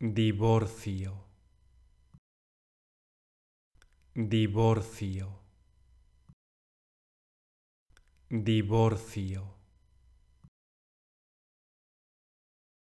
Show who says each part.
Speaker 1: divorcio, divorcio, divorcio.